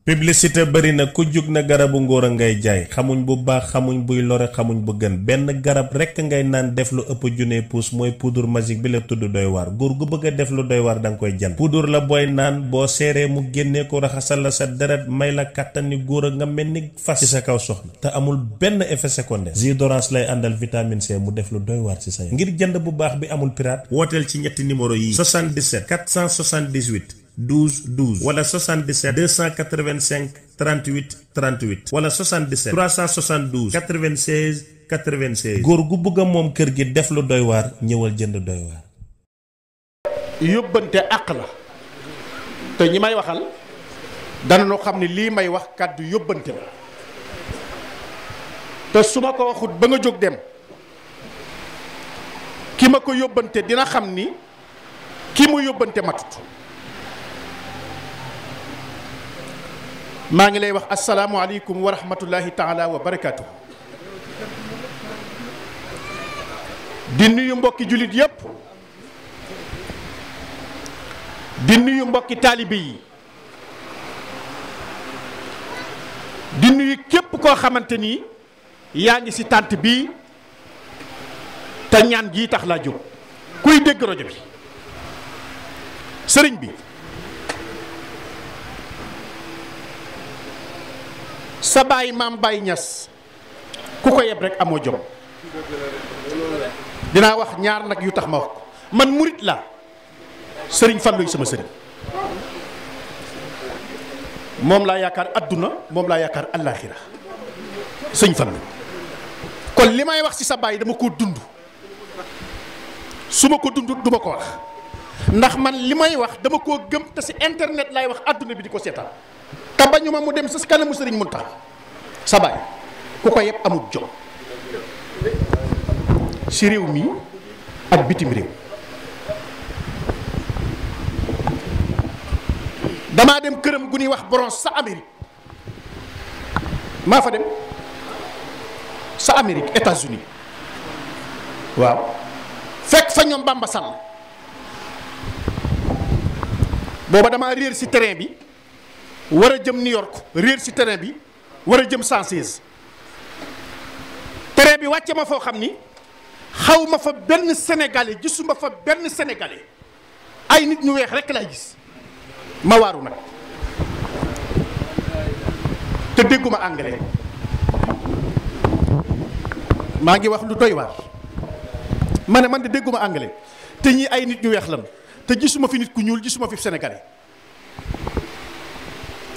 publicité bëri na ku jug na garabu ngóor a ngay jaay xamuñ bu baax xamuñ buy lore xamuñ bu gën benn garab rekk ngay naan def lu ëpp junne puus mooy poudre magique bi la tudd doy waar góor gu bëgg a def lu doy waar da nga koy jënd poudre la booy naan boo seeree mu génnee ko raxasal la sa deret may la kàttani góor a nga mel ni fas ci sa kaw soxna te amul benn effet secondaire jus d'orange lay àndal vitamine C mu def lu doy waar ci sa ngir jënd bu baax bi amul pirate wooteel ci ñetti numéro yi 77 12 12 wala 77 285 38 38 wala 77 372 96 96. góor gu bëgg a moom kër gi def lu ñëwal jënd yóbbante àq la te ñi may waxal dana danañu xam ne lii may wax kàddu yóbbante la te su ma ko waxut ba nga jóg dem ki ma ko yóbbante dina xam ni ki mu yóbbante matut. maa ngi lay wax asalaamualeykum wa rahmatullahi taala wa barakaatu. di nuyu mbokki jullit yépp di nuyu mbokki taalibe yi di nuyu képp koo xamante ni yaa ngi ci tànt bii te ñaan jii tax laa jóg kuy dégg rajo bi sëriñ bi sa baay maam Baay Ñas ku ko yeb rek amoo jom dinaa wax ñaar nag yu tax ma wax ko man murit la sëriñ Fallu sama sëriñ moom laa yaakaar àdduna moom laa yaakaar allaaxira sëñ Fallu kon li may wax si sa baay dama ko dund su ma ko dund duma ko wax ndax man li may wax dama koo gëm te ci internet lay wax àdduna bi di ko seetaan te bañu ma mu dem sa kanamu sëriñ Muntaxa sa baay ku ko yëpp amul jom si réew mi ak bitim réew damaa dem këram gu ñuy wax bronze sa Amérique maa fa dem sa Amérique États-Unis waaw fekk fa ñoom Bamba Sall booba damaa réer si terrain bi war a jëm New York réer ci terrain bi war a jëm 116 terrain bi wàcce ma foo xam ni xaw ma fa benn sénégalais gisuma fa benn sénégalais ay nit ñu weex rekk laay gis ma waaru nag te dégguma anglais maa ngi wax lu doy waar ma ne man de dégguma anglais te ñii ay nit ñu weex lan te gisuma fi nit ku ñuul gisuma fi sénégalais.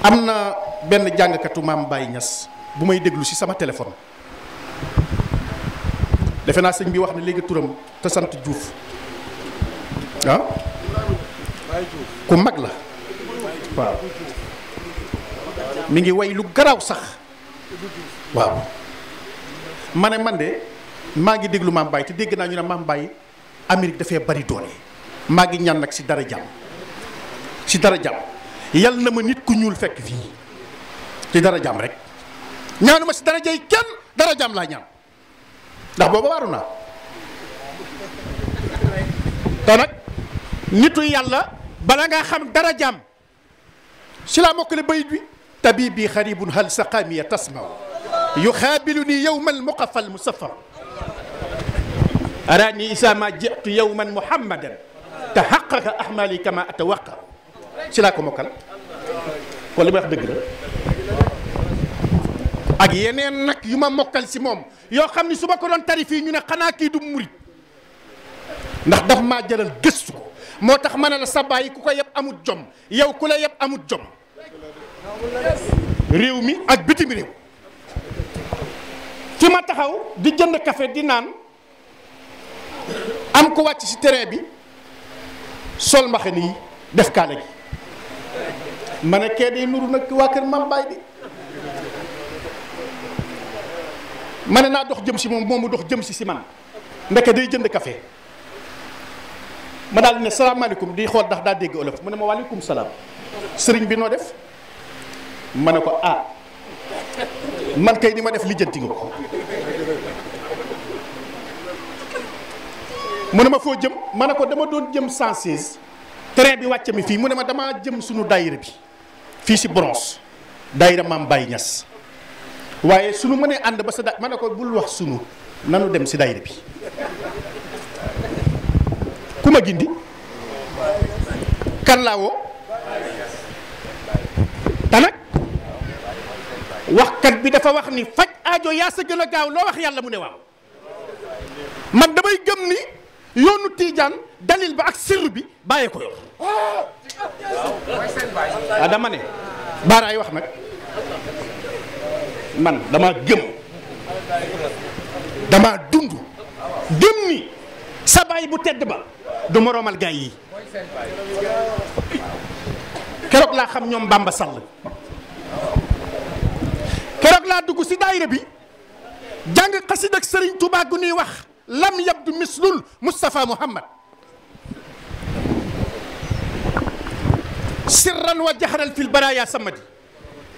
am na benn jàngkatu maam Baye ñas bu may déglu ci sama téléphone defe naa sëñ bi wax na léegi turam te sant juuf ah ku mag la waaw ngi way lu garaaw sax waaw ma ne man de maa ngi déglu maam Baye te dégg naa ñu ne maam Baye Amérique dafay bari doole maa ngi ñaan nag ci dara jàmm ci dara jàmm. yal na ma nit ku ñuul fekk fii ci dara jàmm rek ñaanu ma si dara jay kenn dara jàmm laa ñaan ndax booba waaru naa te nag nitu yàlla bala ngaa xam dara jàmm si laa mokkale bayit bi tabibi xaribun hal saqamiya tasmaw yuxaabiluni yowman muqafal musaffar araani isa ma jitu yowman muhammadan taxaqaqa ahmali kama atawaqa ci laa ko mokkal kon li may wax dëgg la ak yeneen nag yu ma mokkal si moom yoo xam ni su ma ko doon tari fii ñu ne xanaa kii du murit ndax daf ma jëral gëstu ko moo tax ma ne la sa bàyyi ku ko yëpp amut jom yow ku la yëpp amut jom réew mi ak bitim réew fi ma taxaw di jënd kafe di naan am ko wàcc si terrain bi sol mbaxane yi def kaala gi ma ne kee day nuru nag waa kër maam baay di ma naa dox jëm si moom moom mu dox jëm si si man ndeke day jënd kafe ma daal di ne salaamaaleykum di xool ndax daa dégg olof mu ne ma waaleykum salaam sëriñ bi noo def ma ne ko ah man kay ni ma def lijjanti nga ko mu ne ma foo jëm ma ne ko dama doon jëm san 116 train bi wàcce mi fii mu ne ma damaa jëm suñu daayira bi fii si bronze daayira maam ñas Niass waaye sunu mënee ànd ba sa da ma ne ko bul wax sunu nanu dem si daayira bi ku ma gindi kan laa woo te nag waxkat bi dafa wax ni faj aajo yaa sa gën a gaaw loo wax yàlla mu ne waaw man damay gëm ni yoonu tiijaan dalil ba ak sirr bi bàyyee ko waaw ah, dama ne baaraay wax nag man dama gëm dama dund gëm ni sa baay bu tedd ba du moroomal gaay yi keroog laa xam ñoom Bamba Sall keroog laa dugg si daayira bi jàng xasid ak Serigne Touba gu ñuy wax lam yabdu mislul Moustapha Muhammad sirran wa jaxaral fil baraaya samadi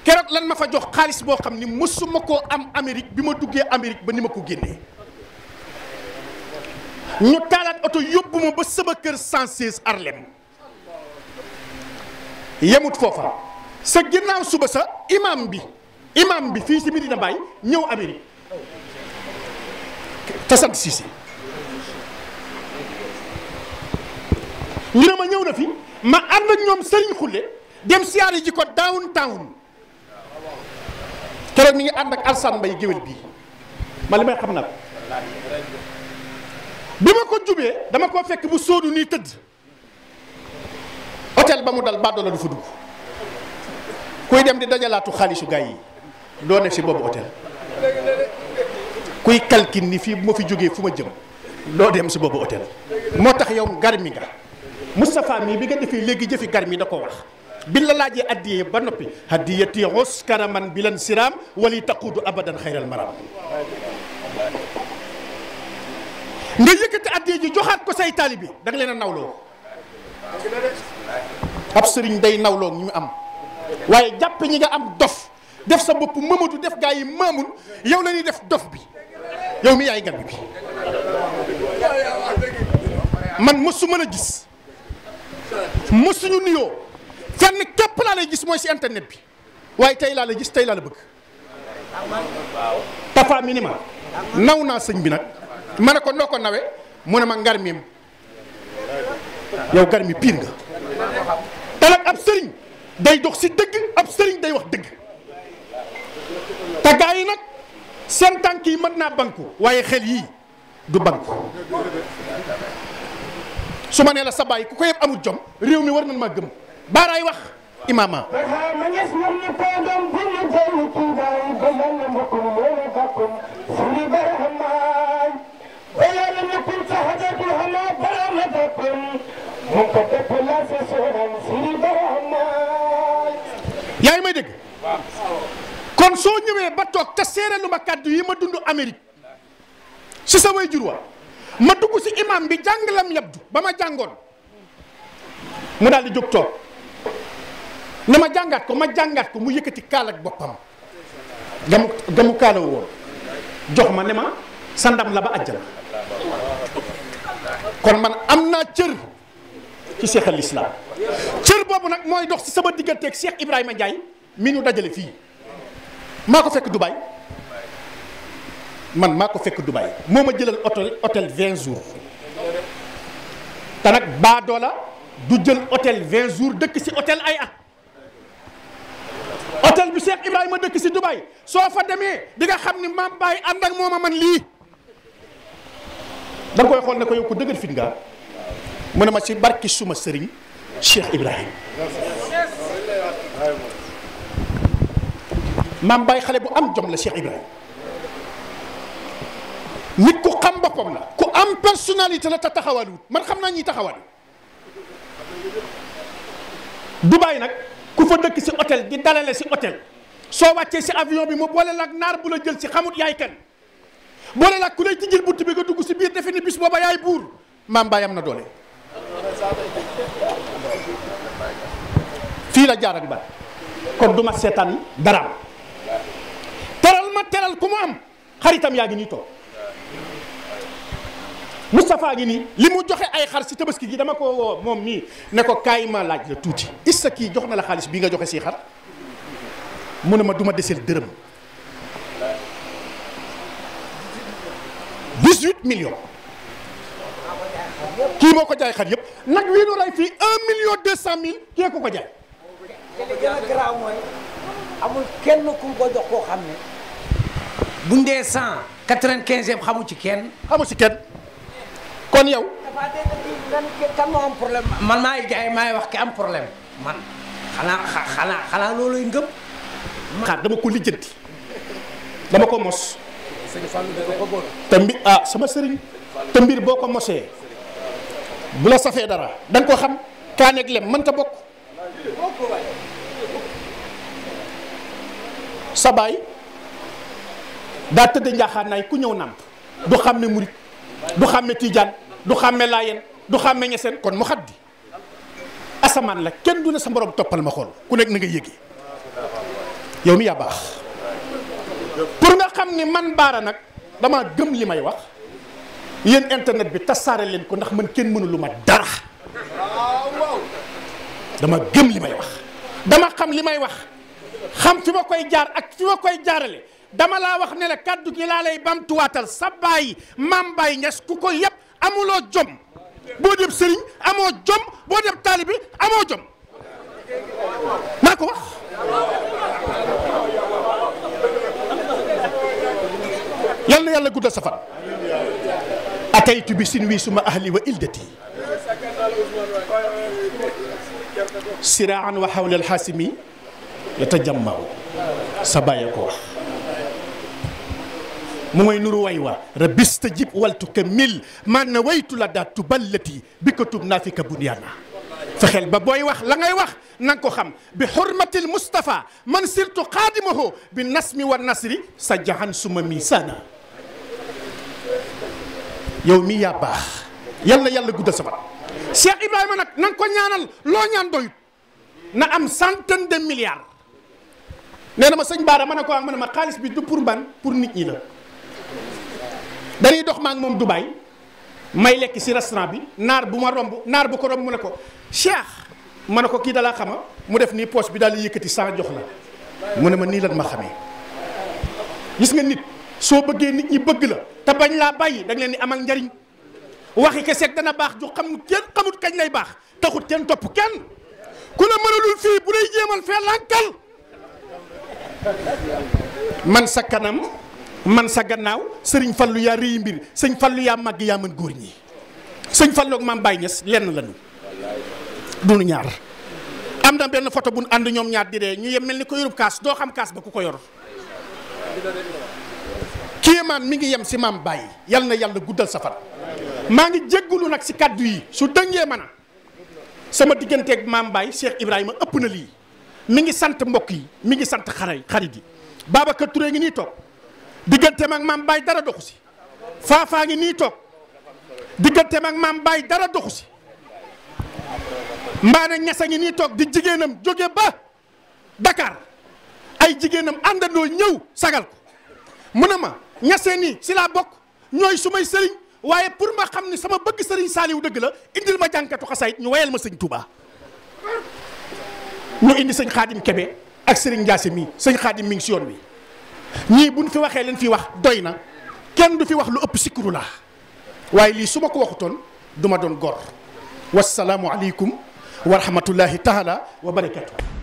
keroot lan ma fa jox xaalis boo xam ni mësuma koo am Amérique bi ma duggee Amérique ba ni ma ko génnee ñu taalaat oto yóbbu ba sama kër 116 Harlem yemut foofa sa ginnaaw suba sa imam bi imam bi fii si Medina Baye ñëw Amérique te sant ñu ne ma ñëw na fi. ma ànd ak ñoom Serigne Khoule dem siyaare ji ko down town keroog mi ngi ànd ak Alsane Mbaye géwél bii ma li may xam na ko bi ma ko jubee dama koo fekk bu sóodu nii tëdd hôtel ba mu dal bàddoo la du fa dugg kuy dem di dajalaatu xaalisu gars yi doo ne si boobu hôtel kuy kalkin ni fii bu ma fi jógee fu ma jëm doo dem si boobu hôtel moo tax yow ngar mi nga Moustapha mii bi nga defee léegi jëfi gar mi da ko wax bi la laajee addiyee ba noppi addiyati xos karaman bi lan siraam wali taqudu abadan xayral maram nga yëkkati addiyee ji joxaat ko say taalibi da nga leen a nawloo ab sëriñ day nawloo ñu am waaye jàpp ñi nga am dof def sa bopp Mamadou def gaa yi maamul yow la def dof bi yow mi yaay gan bi man mësu mën a gis mësuñu nuyoo fenn képp laa lay gis mooy si internet bi waaye tey laa lay gis tey laa la bëgg Tapha mi naw naa sëñ bi nag ma ne ko noo nawe mu ne ma ngar miim yow ngar mi piir nga te ab sëriñ day dox si dëgg ab sëriñ day wax dëgg te yi nag seen tànk yi mën naa banku waaye xel yii du banku su ma nee la ku ko yëpp amul jom réew mi war nañ maa gëm baaraay wax imaama yaa ngi may dégg kon soo ñëwee ba toog te seere ma kàddu yi ma dund Amérique si sa jur wa ma dugg si imam bi jàng lam yabdu ba ma jàngoon mu daal di jóg toog ne ma jàngaat ko ma jàngaat ko mu yëkkati kaal ak boppam gamu gamu kaalaw woon jox ma ne ma sa ndam la ba àjjana kon man am naa cër ci Cheikh al Islam cër boobu nag mooy dox si sama digganteeg Cheikh Ibrahima Ndiaye mi ñu dajale fii maa ko fekk Dubaay. man maa ko fekk Dubaï moo ma jëlal hôtel hôtel 20 jours te nag baadoola du jël hôtel 20 jours dëkk ci hôtel ay at. hôtel bi Cheikh Ibrahima dëkk si Dubaï soo fa demee di nga xam ni maam Baye ànd ak mooma man lii da koy xool na ko yow ku dëgër fit nga mu ma si barki suma sëriñ Cheikh Ibrahima. maam Baye xale bu am jom la Cheikh Ibrahima. boppam la ku am personnalité la te taxawaluwut man xam naa ñuy du bàyyi nag ku fa dëkk si hôtel di dalale si hôtel soo wàccee si avion bi mu boole la naar bu la jël si xamut yaay kan boole la ak ku lay tijjil bunt bi nga dugg si biir defe ni bis booba yaay buur maam baay am na doole fii la jaar ak ba kon duma seetaan daraam teral ma teral ku mu am xaritam yaa gi nii toog Moustapha gi nii li mu joxe ay xar si tabaski dama koo woo moom mii ne ko kaay ma laaj la tuuti Issa kii jox na la xaalis bi nga joxe si xar mu ne ma duma ma deseel dërëm 18 millions kii moo ko jaay xar yëpp nag wii nu rey fii 1 million 200 mille kii ko ko jaay. li amul kenn ku ko jox koo xam ne. bu ñu dee 195 xamu ci kenn. xamul ci kenn. kon yow. man maay jaay maay wax ki am problème man xanaa xanaa xanaa looluy ngëm. xaar dama ko lijjanti dama ko mos. te mbir ah, sama sëriñ te boo ko mosee bu la safee dara da koo ko xam kaaneeg lem mën ta bokk. sa baay daa tëdd njaaxaanaay ku ñëw nàmp du xam ne murit du xam ne tijaan. du xàmme laayeen du xàmme ñeseen kon mu xaddi asamaan la kenn du ne sa moroom toppal ma xool ku nekk na nga yëgee yow mi yaa baax pour nga xam ni man baara nag damaa gëm li may wax yéen internet bi tasaare leen ko ndax man kenn mënu lu ma dara dama gëm li may wax dama xam li may wax xam fi ma koy jaar ak fi ma koy jaarale dama laa wax ne la kàddu gi laa lay bamtuwaatal sa baay maam baay ñes ku ko yëpp amuloo jom boo dem sëriñ amoo jom boo dem taalibi amoo jom maa ko wax yal na yàlla guddal safar ataytu bi sin wii suma ahli wa ildati siraan wa xawla alxaasimi yatajammaw sa bàyyi ko wax mu ngay nuru way wa rabbi stajib waltu kamil man na waytu la daat tuballati bi ko tub naa fi ka bunyaana fexeel ba booy wax la ngay wax nanga ko xam bi xurmatil Moustapha man sirtu xaadimahu bi nasmi wa nasri sa jahan suma misaana yow mii yaa baax yàlla yàlla guddal sa fan Cheikh Ibrahima nag na nga ko ñaanal loo ñaan doyut na am centaine de milliards nee na ma sëñ Baara ma ne ko ah ma xaalis bi du pour ban pour nit ñi la. dañuy dox maak moom du Dubaay may lekk ci restaurant bi naar bu ma romb naar bu ko romb mu ne ko Cheikh ma ne ko kii dalaa xama mu def nii poche bi daal di yëkkati sans jox la mu ne ma nii lan ma xamee gis nga nit soo bëggee nit ñi bëgg la te bañ laa bàyyi da nga leen di amal njariñ waxi kese dana baax ju xam kenn xamut kañ lay baax taxut kenn topp kenn ku la mënalul fii bu lay jéemal fee lànkal man sa kanam man sa gannaaw sëriñ fallu yaa réyi mbir sëñ fallu yaa màgg yaa mën góor ñi sëñ fallu ak maam Baye Niass lenn lañu duñu ñaar am na benn photo bu ànd ñoom ñaar di dee ñu yem mel ni ko yorub kaas doo xam kaas ba ku ko yor kéemaan mi ngi yem si maam baay yal na yàlla guddal sa maa ngi jéggulu nag si kàddu yi su dëngee mana sama digganteeg maam Baye Cheikh Ibrahima ëpp na lii mi ngi sant mbokk yi mi ngi sant xare xarit yi Babacar Touré ngi nii toog digganteem ak maam Baye dara doxu si faafaa ngi nii toog digganteem ak maam Baye dara doxu si mbaane ñasa ngi nii toog di jigéenam jóge ba dakaar ay jigéenam àndandoo ñëw sagal ko mu ne ma ñasee nii si laa bokk ñooy su may sëriñ waaye pour ma xam ni sama bëgg sëriñ Saaliw dëgg la indil ma jànkatu xasaayit ñu wayal ma sëñ Touba ñu indi sëñ Xaadim Kebe ak sëriñ Njaase mii sëñ Xaadim mi ngi si yoon wi ñii buñ fi waxee leen fi wax doy na kenn du fi wax lu ëpp sikkuru laa waaye lii su ma ko waxutoon du ma doon gor wasalaamu aleykum wa rahmatullahi taala wa barakatu